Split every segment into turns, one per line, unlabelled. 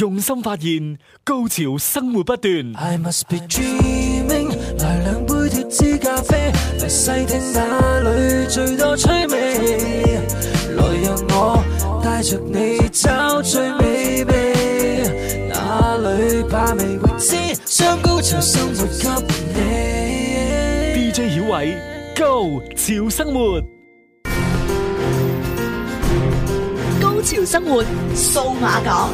用心發現，Go 潮生活不斷。來兩杯脫脂咖啡，嚟細聽那裏最多趣味。來讓我帶着你找最美味，哪裏把味未知，將 Go 潮生活給你。DJ 小偉，Go，潮生活，Go 潮生活，數碼港。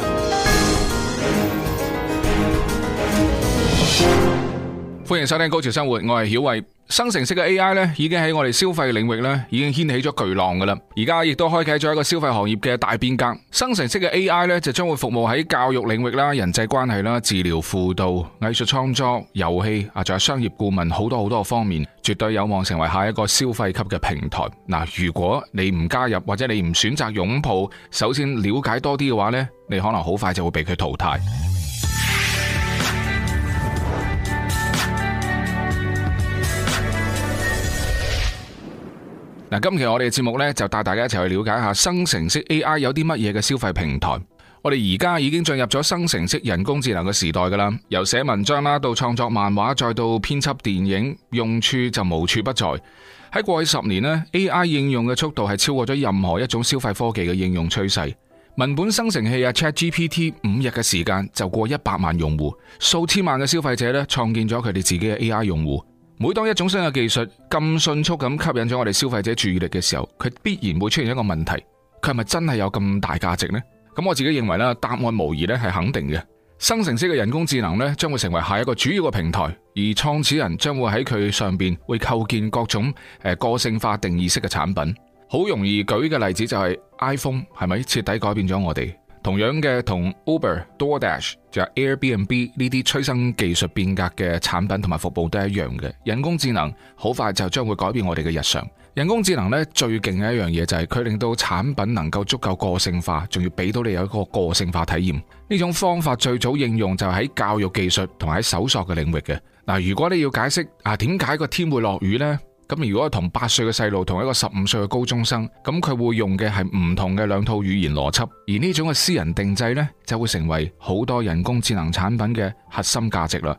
歡迎收聽《Go 潮生活》，我係曉慧。生成式嘅 AI 咧，已經喺我哋消費領域咧，已經掀起咗巨浪噶啦。而家亦都開啟咗一個消費行業嘅大變革。生成式嘅 AI 咧，就將會服務喺教育領域啦、人際關係啦、治療輔導、藝術創作、遊戲啊，仲有商業顧問好多好多嘅方面，絕對有望成為下一個消費級嘅平台。嗱，如果你唔加入或者你唔選擇擁抱，首先了解多啲嘅話咧，你可能好快就會被佢淘汰。今期我哋嘅節目咧，就帶大家一齊去了解下生成式 AI 有啲乜嘢嘅消費平台。我哋而家已經進入咗生成式人工智能嘅時代噶啦，由寫文章啦，到創作漫畫，再到編輯電影，用處就無處不在。喺過去十年呢，AI 應用嘅速度係超過咗任何一種消費科技嘅應用趨勢。文本生成器啊，ChatGPT 五日嘅時間就過一百萬用戶，數千萬嘅消費者咧，創建咗佢哋自己嘅 AI 用戶。每當一種新嘅技術咁迅速咁吸引咗我哋消費者注意力嘅時候，佢必然會出現一個問題，佢係咪真係有咁大價值呢？咁我自己認為啦，答案無疑咧係肯定嘅。生成式嘅人工智能咧，將會成為下一個主要嘅平台，而創始人將會喺佢上邊會構建各種誒個性化定義式嘅產品。好容易舉嘅例子就係、是、iPhone，係咪徹底改變咗我哋？同樣嘅同 Uber、DoorDash 就 Airbnb 呢啲催生技術變革嘅產品同埋服務都係一樣嘅。人工智能好快就將會改變我哋嘅日常。人工智能咧，最勁嘅一樣嘢就係佢令到產品能夠足夠個性化，仲要俾到你有一個個性化體驗。呢種方法最早應用就喺教育技術同喺搜索嘅領域嘅。嗱，如果你要解釋啊，點解個天會落雨呢？咁如果同八歲嘅細路同一個十五歲嘅高中生，咁佢會用嘅係唔同嘅兩套語言邏輯，而呢種嘅私人定製呢，就會成為好多人工智能產品嘅核心價值啦。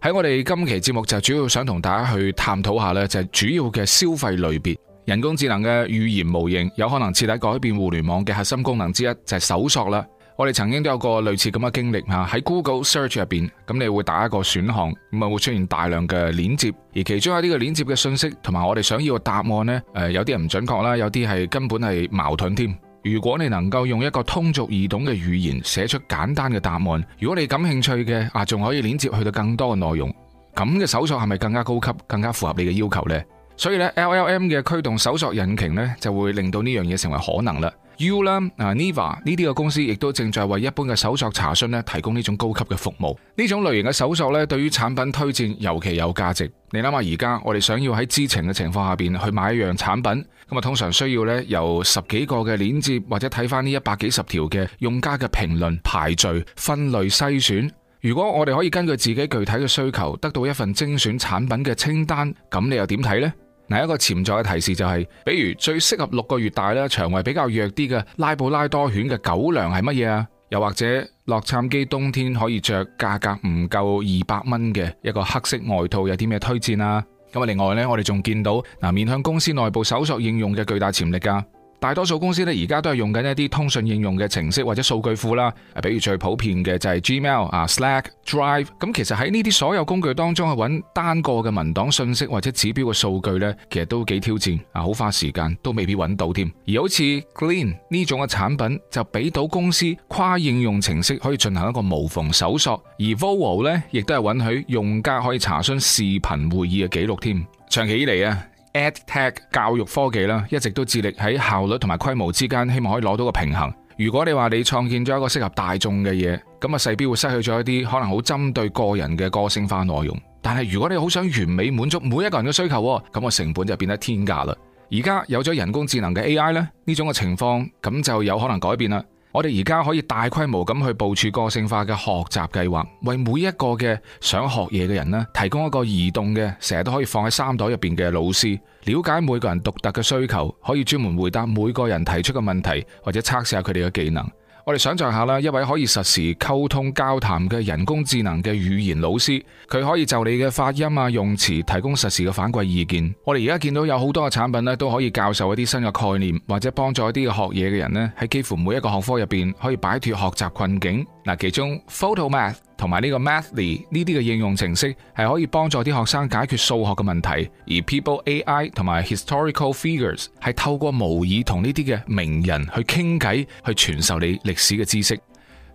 喺我哋今期節目就主要想同大家去探討下呢，就係主要嘅消費類別，人工智能嘅語言模型有可能徹底改變互聯網嘅核心功能之一就係搜索啦。我哋曾經都有個類似咁嘅經歷吓，喺 Google Search 入邊，咁你會打一個選項，咁啊會出現大量嘅鏈接，而其中有呢個鏈接嘅信息同埋我哋想要嘅答案呢，誒有啲人唔準確啦，有啲係根本係矛盾添。如果你能夠用一個通俗易懂嘅語言寫出簡單嘅答案，如果你感興趣嘅啊，仲可以鏈接去到更多嘅內容，咁嘅搜索係咪更加高級、更加符合你嘅要求呢？所以咧，LLM 嘅驅動搜索引擎呢，就會令到呢樣嘢成為可能啦。You 啦，啊 Niva 呢啲嘅公司亦都正在為一般嘅搜索查詢咧提供呢種高級嘅服務。呢種類型嘅搜索咧，對於產品推薦尤其有價值。你諗下，而家我哋想要喺知情嘅情況下邊去買一樣產品，咁啊通常需要咧由十幾個嘅鏈接或者睇翻呢一百幾十條嘅用家嘅評論排序、分類、篩選。如果我哋可以根據自己具體嘅需求得到一份精選產品嘅清單，咁你又點睇呢？嗱，一個潛在嘅提示就係、是，比如最適合六個月大咧腸胃比較弱啲嘅拉布拉多犬嘅狗糧係乜嘢啊？又或者洛杉磯冬天可以着價格唔夠二百蚊嘅一個黑色外套有啲咩推薦啊？咁啊，另外呢，我哋仲見到嗱，面向公司內部搜索應用嘅巨大潛力噶。大多數公司咧，而家都係用緊一啲通訊應用嘅程式或者數據庫啦。比如最普遍嘅就係 Gmail 啊、Slack、Drive。咁其實喺呢啲所有工具當中去揾單個嘅文檔、信息或者指標嘅數據呢，其實都幾挑戰啊，好花時間，都未必揾到添。而好似 Glean 呢種嘅產品，就俾到公司跨應用程式可以進行一個無縫搜索。而 Voo 呢，亦都係允許用家可以查詢視頻會議嘅記錄添。長期以嚟啊～EdTech 教育科技啦，一直都致力喺效率同埋規模之間，希望可以攞到個平衡。如果你話你創建咗一個適合大眾嘅嘢，咁個勢必會失去咗一啲可能好針對個人嘅個性化內容。但係如果你好想完美滿足每一個人嘅需求，咁個成本就變得天價啦。而家有咗人工智能嘅 AI 呢，呢種嘅情況咁就有可能改變啦。我哋而家可以大規模咁去部署個性化嘅學習計劃，為每一個嘅想學嘢嘅人呢，提供一個移動嘅，成日都可以放喺衫袋入邊嘅老師，了解每個人獨特嘅需求，可以專門回答每個人提出嘅問題，或者測試下佢哋嘅技能。我哋想象下啦，一位可以實時溝通交談嘅人工智能嘅語言老師，佢可以就你嘅發音啊、用詞提供實時嘅反饋意見。我哋而家見到有好多嘅產品呢，都可以教授一啲新嘅概念，或者幫助一啲嘅學嘢嘅人呢，喺幾乎每一個學科入邊可以擺脫學習困境。嗱，其中 PhotoMath。Phot 同埋呢個 Mathly 呢啲嘅應用程式係可以幫助啲學生解決數學嘅問題，而 People AI 同埋 Historical Figures 係透過模擬同呢啲嘅名人去傾偈，去傳授你歷史嘅知識。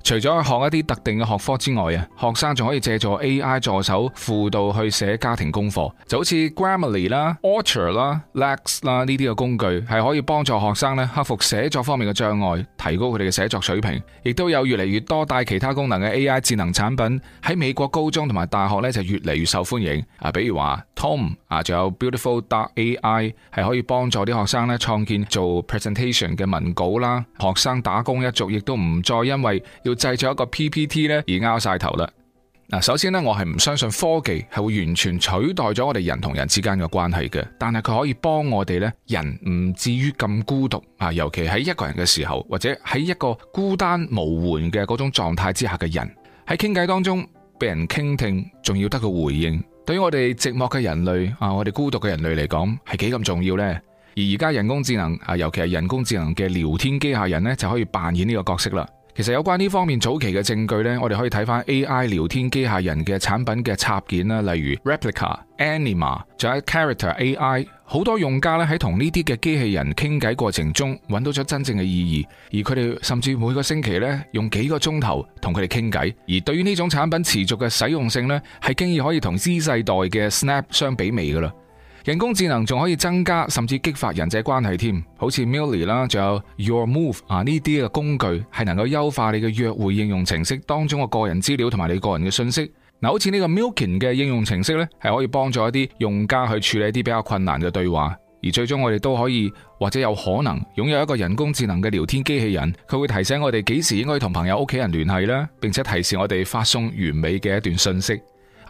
除咗學一啲特定嘅學科之外啊，學生仲可以借助 AI 助手輔導去寫家庭功課，就好似 Grammarly 啦、Author 啦、Lex 啦呢啲嘅工具，係可以幫助學生咧克服寫作方面嘅障礙，提高佢哋嘅寫作水平。亦都有越嚟越多帶其他功能嘅 AI 智能產品喺美國高中同埋大學咧，就越嚟越受歡迎啊。比如話，Tom 啊，仲有 Beautiful AI 係可以幫助啲學生咧創建做 presentation 嘅文稿啦。學生打工一族亦都唔再因為製作一個 PPT 咧，而拗晒頭啦。嗱，首先咧，我係唔相信科技係會完全取代咗我哋人同人之間嘅關係嘅，但係佢可以幫我哋咧，人唔至於咁孤獨啊。尤其喺一個人嘅時候，或者喺一個孤單無援嘅嗰種狀態之下嘅人喺傾偈當中，俾人傾聽，仲要得個回應，對於我哋寂寞嘅人類啊，我哋孤獨嘅人類嚟講係幾咁重要咧。而而家人工智能啊，尤其係人工智能嘅聊天機械人咧，就可以扮演呢個角色啦。其實有關呢方面早期嘅證據呢，我哋可以睇返 AI 聊天機械人嘅產品嘅插件啦，例如 Replica、Anima，仲有 Character AI，好多用家咧喺同呢啲嘅機器人傾偈過程中，揾到咗真正嘅意義，而佢哋甚至每個星期呢用幾個鐘頭同佢哋傾偈，而對於呢種產品持續嘅使用性呢，係經已可以同 Z 世代嘅 Snap 相比美㗎喇。人工智能仲可以增加甚至激發人際關係添，好似 Milly 啦，仲有 Your Move 啊呢啲嘅工具係能夠優化你嘅約會應用程式當中嘅個人資料同埋你個人嘅信息。嗱，好似呢個 Milking 嘅應用程式咧，係可以幫助一啲用家去處理一啲比較困難嘅對話。而最終我哋都可以或者有可能擁有一個人工智能嘅聊天機器人，佢會提醒我哋幾時應該同朋友屋企人聯繫啦，並且提示我哋發送完美嘅一段信息。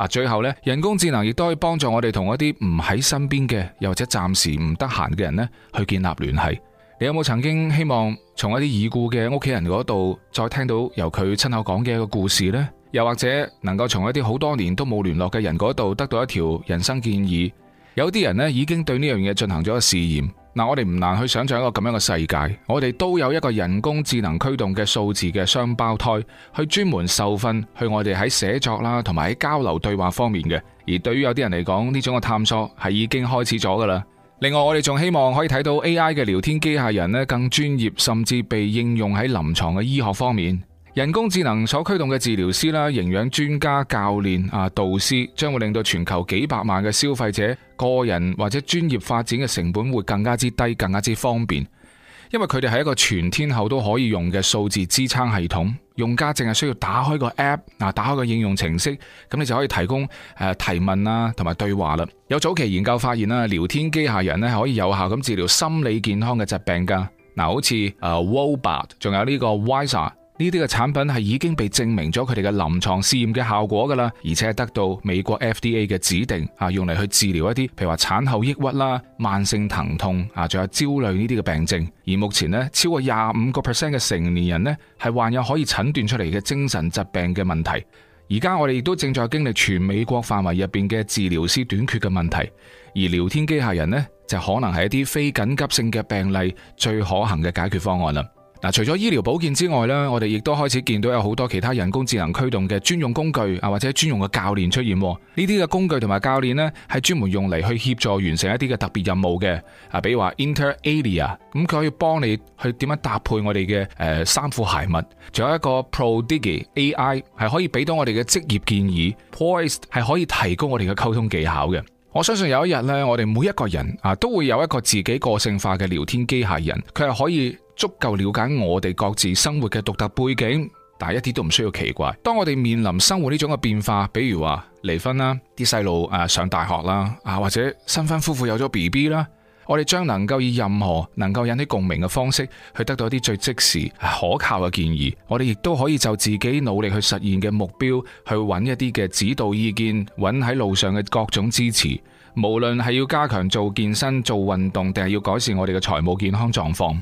嗱，最後咧，人工智能亦都可以幫助我哋同一啲唔喺身邊嘅，又或者暫時唔得閒嘅人咧，去建立聯繫。你有冇曾經希望從一啲已故嘅屋企人嗰度，再聽到由佢親口講嘅一個故事呢？又或者能夠從一啲好多年都冇聯絡嘅人嗰度，得到一條人生建議？有啲人咧，已經對呢樣嘢進行咗個試驗。嗱，我哋唔難去想象一個咁樣嘅世界，我哋都有一個人工智能驅動嘅數字嘅雙胞胎，去專門受訓，去我哋喺寫作啦，同埋喺交流對話方面嘅。而對於有啲人嚟講，呢種嘅探索係已經開始咗噶啦。另外，我哋仲希望可以睇到 AI 嘅聊天機械人呢，更專業，甚至被應用喺臨床嘅醫學方面。人工智能所驅動嘅治療師啦、營養專家、教練啊、導師，將會令到全球幾百萬嘅消費者個人或者專業發展嘅成本會更加之低，更加之方便。因為佢哋係一個全天候都可以用嘅數字支撐系統，用家淨係需要打開個 app 嗱，打開個應用程式，咁你就可以提供誒提問啊同埋對話啦。有早期研究發現啊，聊天機械人咧可以有效咁治療心理健康嘅疾病噶嗱，好似誒 Woebot，仲有呢個 Wiser。呢啲嘅產品係已經被證明咗佢哋嘅臨床試驗嘅效果噶啦，而且係得到美國 FDA 嘅指定啊，用嚟去治療一啲，譬如話產後抑鬱啦、慢性疼痛啊，仲有焦慮呢啲嘅病症。而目前呢，超過廿五個 percent 嘅成年人呢，係患有可以診斷出嚟嘅精神疾病嘅問題。而家我哋亦都正在經歷全美國範圍入邊嘅治療師短缺嘅問題，而聊天機械人呢，就可能係一啲非緊急性嘅病例最可行嘅解決方案啦。嗱，除咗醫療保健之外咧，我哋亦都開始見到有好多其他人工智能驅動嘅專用工具啊，或者專用嘅教練出現。呢啲嘅工具同埋教練呢，係專門用嚟去協助完成一啲嘅特別任務嘅。啊，比如話 InterArea，咁佢可以幫你去點樣搭配我哋嘅誒衫褲鞋襪。仲有一個 Prodigy AI 係可以俾到我哋嘅職業建議，Poised 係可以提高我哋嘅溝通技巧嘅。我相信有一日呢，我哋每一個人啊都會有一個自己個性化嘅聊天機械人，佢係可以，足夠了解我哋各自生活嘅獨特背景，但係一啲都唔需要奇怪。當我哋面臨生活呢種嘅變化，比如話離婚啦，啲細路啊上大學啦，啊或者新婚夫婦有咗 BB 啦，我哋將能夠以任何能夠引起共鳴嘅方式去得到一啲最即時可靠嘅建議。我哋亦都可以就自己努力去實現嘅目標去揾一啲嘅指導意見，揾喺路上嘅各種支持，無論係要加強做健身做運動，定係要改善我哋嘅財務健康狀況。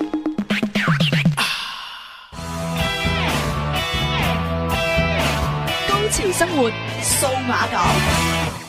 生活數碼港，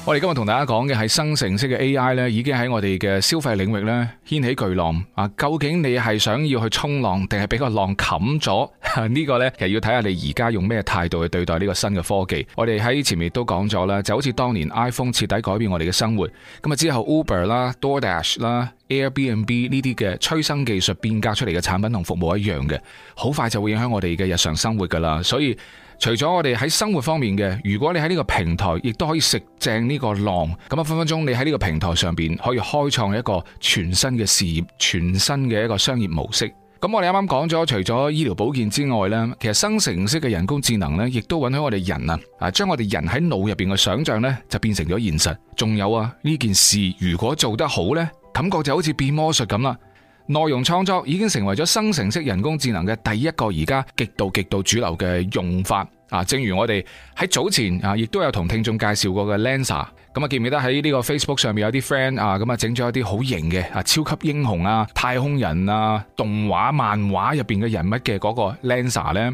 我哋今日同大家講嘅係生成式嘅 AI 咧，已經喺我哋嘅消費領域咧掀起巨浪啊！究竟你係想要去衝浪，定係俾個浪冚咗呢個呢，又要睇下你而家用咩態度去對待呢個新嘅科技。我哋喺前面都講咗啦，就好似當年 iPhone 徹底改變我哋嘅生活，咁啊之後 Uber 啦、DoorDash 啦、Airbnb 呢啲嘅催生技術變革出嚟嘅產品同服務一樣嘅，好快就會影響我哋嘅日常生活噶啦，所以。除咗我哋喺生活方面嘅，如果你喺呢個平台，亦都可以食正呢個浪，咁啊分分鐘你喺呢個平台上邊可以開創一個全新嘅事業，全新嘅一個商業模式。咁我哋啱啱講咗，除咗醫療保健之外呢，其實生成式嘅人工智能呢亦都允許我哋人啊，啊將我哋人喺腦入邊嘅想象呢就變成咗現實。仲有啊，呢件事如果做得好呢，感覺就好似變魔術咁啦。內容創作已經成為咗生成式人工智能嘅第一個而家極度極度主流嘅用法啊！正如我哋喺早前啊，亦都有同聽眾介紹過嘅 Lensa，咁啊記唔記得喺呢個 Facebook 上面有啲 friend 啊，咁啊整咗一啲好型嘅啊超級英雄啊、太空人啊、動畫漫畫入邊嘅人物嘅嗰個 Lensa 呢？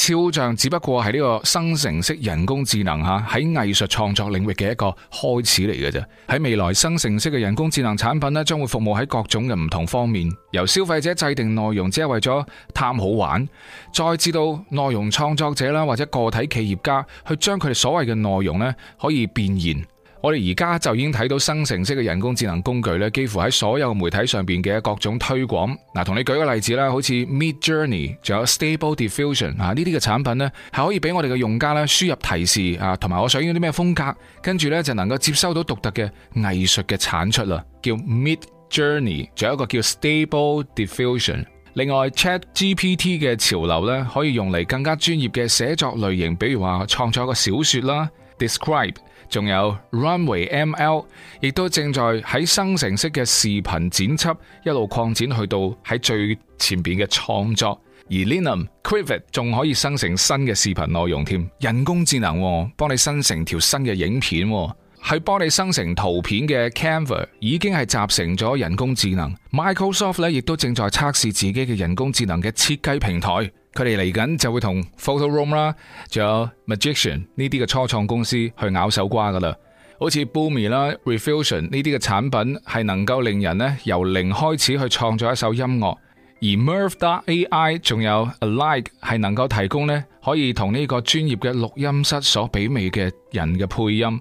肖像只不過係呢個生成式人工智能吓喺藝術創作領域嘅一個開始嚟嘅啫，喺未來生成式嘅人工智能產品咧，將會服務喺各種嘅唔同方面，由消費者制定內容，只係為咗貪好玩，再至到內容創作者啦，或者個體企業家去將佢哋所謂嘅內容咧，可以變現。我哋而家就已經睇到生成式嘅人工智能工具咧，幾乎喺所有媒體上邊嘅各種推廣。嗱，同你舉個例子啦，好似 Mid Journey 仲有 Stable Diffusion 啊，呢啲嘅產品呢，係可以俾我哋嘅用家咧輸入提示啊，同埋我想要啲咩風格，跟住呢，就能夠接收到獨特嘅藝術嘅產出啦。叫 Mid Journey 仲有一個叫 Stable Diffusion。另外 Chat GPT 嘅潮流呢，可以用嚟更加專業嘅寫作類型，比如話創作一個小説啦，describe。Des 仲有 Runway ML，亦都正在喺生成式嘅視頻剪輯一路擴展去到喺最前邊嘅創作，而 Linum Creative 仲可以生成新嘅視頻內容添，人工智能、哦、幫你生成條新嘅影片，哦。係幫你生成圖片嘅 Canva 已經係集成咗人工智能，Microsoft 咧亦都正在測試自己嘅人工智能嘅設計平台。佢哋嚟緊就會同 PhotoRoom 啦，仲有 Magician 呢啲嘅初創公司去咬手瓜噶啦。好似 Boomy 啦、Refusion 呢啲嘅產品係能夠令人咧由零開始去創作一首音樂，而 Murf.ai 仲有 Alike 係能夠提供咧可以同呢個專業嘅錄音室所媲美嘅人嘅配音。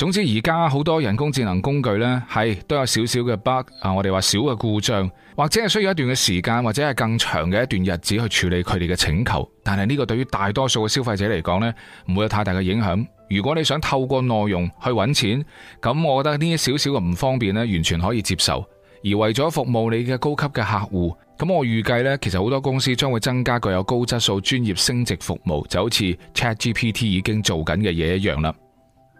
總之，而家好多人工智能工具呢，係都有少少嘅 bug，啊，我哋話少嘅故障，或者係需要一段嘅時間，或者係更長嘅一段日子去處理佢哋嘅請求。但係呢個對於大多數嘅消費者嚟講呢，唔會有太大嘅影響。如果你想透過內容去揾錢，咁我覺得呢啲少少嘅唔方便呢，完全可以接受。而為咗服務你嘅高級嘅客戶，咁我預計呢，其實好多公司將會增加具有高質素、專業、升值服務，就好似 ChatGPT 已經做緊嘅嘢一樣啦。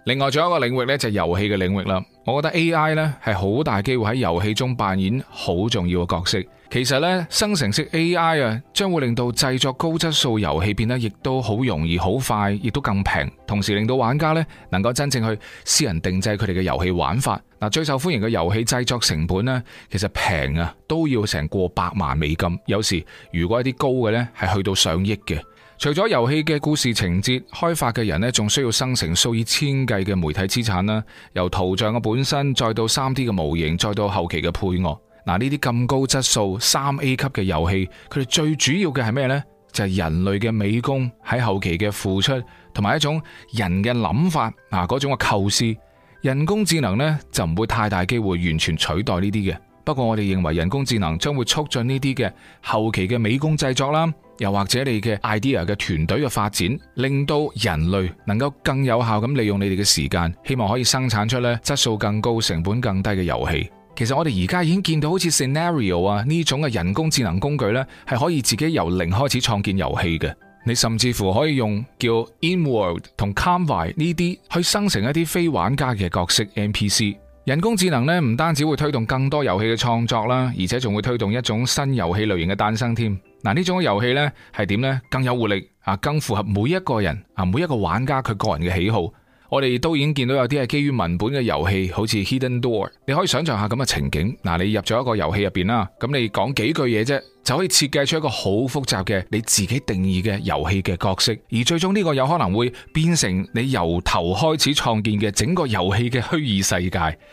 另外仲有一個領域咧，就係遊戲嘅領域啦，我覺得 A.I. 呢係好大機會喺遊戲中扮演好重要嘅角色。其實呢，生成式 A.I. 啊，將會令到製作高質素遊戲變得亦都好容易、好快，亦都更平，同時令到玩家呢能夠真正去私人定製佢哋嘅遊戲玩法。嗱，最受歡迎嘅遊戲製作成本呢，其實平啊都要成過百萬美金，有時如果一啲高嘅呢，係去到上億嘅。除咗遊戲嘅故事情節，開發嘅人呢仲需要生成數以千計嘅媒體資產啦，由圖像嘅本身，再到三 D 嘅模型，再到後期嘅配樂。嗱，呢啲咁高質素三 A 級嘅遊戲，佢哋最主要嘅係咩呢？就係人類嘅美工喺後期嘅付出，同埋一種人嘅諗法啊，嗰種嘅構思。人工智能呢，就唔會太大機會完全取代呢啲嘅。不過我哋認為人工智能將會促進呢啲嘅後期嘅美工製作啦。又或者你嘅 idea 嘅團隊嘅發展，令到人類能夠更有效咁利用你哋嘅時間，希望可以生產出咧質素更高、成本更低嘅遊戲。其實我哋而家已經見到好似 scenario 啊呢種嘅人工智能工具咧，係可以自己由零開始創建遊戲嘅。你甚至乎可以用叫 Inworld 同 Convai 呢啲去生成一啲非玩家嘅角色 NPC。人工智能咧唔單止會推動更多遊戲嘅創作啦，而且仲會推動一種新遊戲類型嘅誕生添。嗱，呢種嘅遊戲呢係點呢？更有活力啊，更符合每一個人啊，每一個玩家佢個人嘅喜好。我哋都已經見到有啲係基於文本嘅遊戲，好似 Hidden Door，你可以想象下咁嘅情景。嗱，你入咗一個遊戲入邊啦，咁你講幾句嘢啫，就可以設計出一個好複雜嘅你自己定義嘅遊戲嘅角色，而最終呢個有可能會變成你由頭開始創建嘅整個遊戲嘅虛擬世界。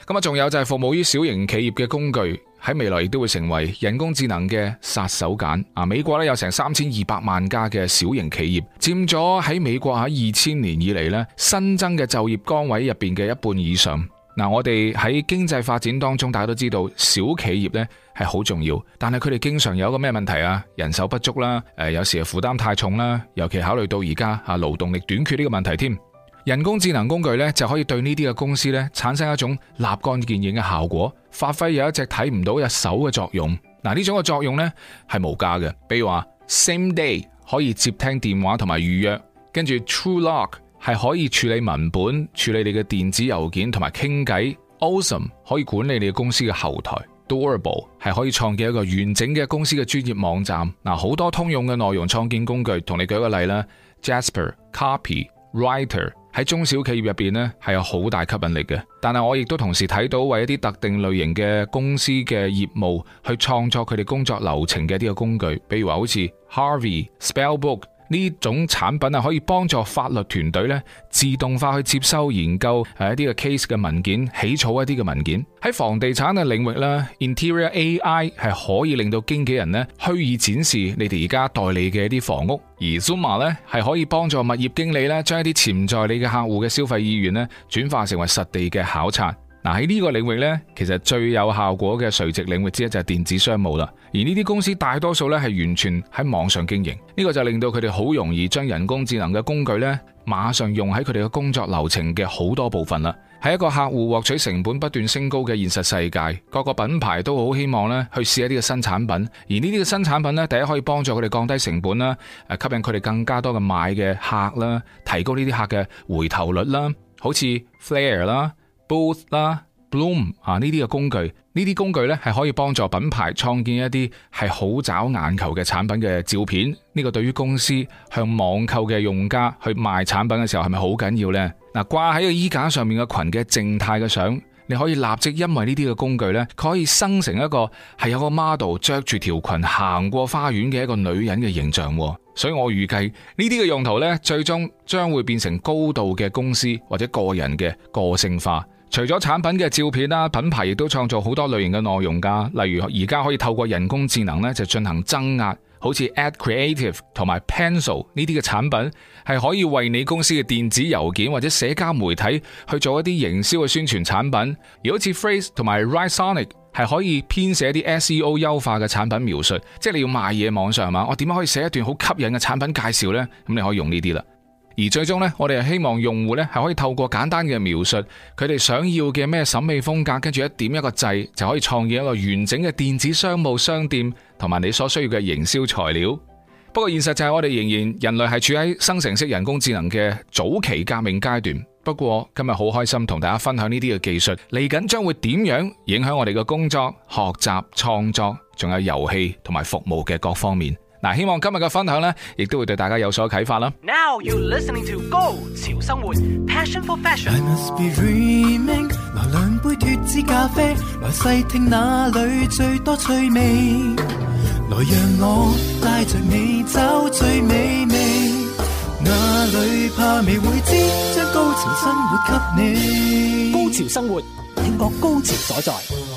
咁啊，仲有就係服務於小型企業嘅工具。喺未來亦都會成為人工智能嘅殺手鐧啊！美國咧有成三千二百萬家嘅小型企業，佔咗喺美國喺二千年以嚟咧新增嘅就業崗位入邊嘅一半以上。嗱、啊，我哋喺經濟發展當中，大家都知道小企業咧係好重要，但係佢哋經常有一個咩問題啊？人手不足啦，誒，有時係負擔太重啦，尤其考慮到而家啊勞動力短缺呢個問題添。人工智能工具咧，就可以對呢啲嘅公司咧產生一種立竿見影嘅效果，發揮有一隻睇唔到嘅手嘅作用。嗱，呢種嘅作用咧係無價嘅。比如話，Same Day 可以接聽電話同埋預約，跟住 True Lock 係可以處理文本、處理你嘅電子郵件同埋傾偈。Awesome 可以管理你嘅公司嘅後台。Durable 係可以創建一個完整嘅公司嘅專業網站。嗱，好多通用嘅內容創建工具，同你舉個例啦，Jasper、Jas Copywriter。喺中小企業入邊咧係有好大吸引力嘅，但係我亦都同時睇到為一啲特定類型嘅公司嘅業務去創作佢哋工作流程嘅呢個工具，比如話好似 Harvey Spellbook。呢種產品啊，可以幫助法律團隊咧自動化去接收、研究誒一啲嘅 case 嘅文件、起草一啲嘅文件。喺房地產嘅領域呢 Interior AI 係可以令到經紀人咧虛擬展示你哋而家代理嘅一啲房屋，而 Zuma 咧係可以幫助物業經理咧將一啲潛在你嘅客戶嘅消費意願咧轉化成為實地嘅考察。喺呢、啊、個領域呢，其實最有效果嘅垂直領域之一就係電子商務啦。而呢啲公司大多數呢係完全喺網上經營，呢、這個就令到佢哋好容易將人工智能嘅工具呢馬上用喺佢哋嘅工作流程嘅好多部分啦。喺一個客戶獲取成本不斷升高嘅現實世界，各個品牌都好希望呢去試一啲嘅新產品。而呢啲嘅新產品呢，第一可以幫助佢哋降低成本啦，吸引佢哋更加多嘅買嘅客啦，提高呢啲客嘅回頭率啦，好似 Flare 啦。Booth 啦，Bloom 啊，呢啲嘅工具，啊、呢啲工具呢，係可以幫助品牌創建一啲係好抓眼球嘅產品嘅照片。呢個對於公司向網購嘅用家去賣產品嘅時候，係咪好緊要呢？嗱、啊，掛喺個衣架上面嘅裙嘅靜態嘅相，你可以立即因為呢啲嘅工具呢，可以生成一個係有個 model 着住條裙行過花園嘅一個女人嘅形象。啊。所以我預計呢啲嘅用途呢，最終將會變成高度嘅公司或者個人嘅個性化。除咗產品嘅照片啦，品牌亦都創造好多類型嘅內容㗎。例如而家可以透過人工智能咧，就進行增壓，好似 Ad Creative 同埋 Pencil 呢啲嘅產品，係可以為你公司嘅電子郵件或者社交媒體去做一啲營銷嘅宣傳產品。而好似 Phrase 同埋 Writesonic 係可以編寫啲 SEO 優化嘅產品描述，即係你要賣嘢網上嘛，我點樣可以寫一段好吸引嘅產品介紹呢？咁你可以用呢啲啦。而最終呢，我哋係希望用戶呢係可以透過簡單嘅描述，佢哋想要嘅咩審美風格，跟住一點一個掣，就可以創建一個完整嘅電子商務商店，同埋你所需要嘅營銷材料。不過現實就係我哋仍然人類係處喺生成式人工智能嘅早期革命階段。不過今日好開心同大家分享呢啲嘅技術嚟緊將會點樣影響我哋嘅工作、學習、創作，仲有遊戲同埋服務嘅各方面。嗱，希望今日嘅分享呢亦都會對大家有所啟發啦。Now you listening to Go 潮生活，Passion for fashion。I must be dreaming。來兩杯脫脂咖啡，來細聽哪裏最多趣味。來讓我帶着你走最美酒味，哪裏怕未會知，將 Go 潮生活給你。Go 潮生活，聽覺高潮所在。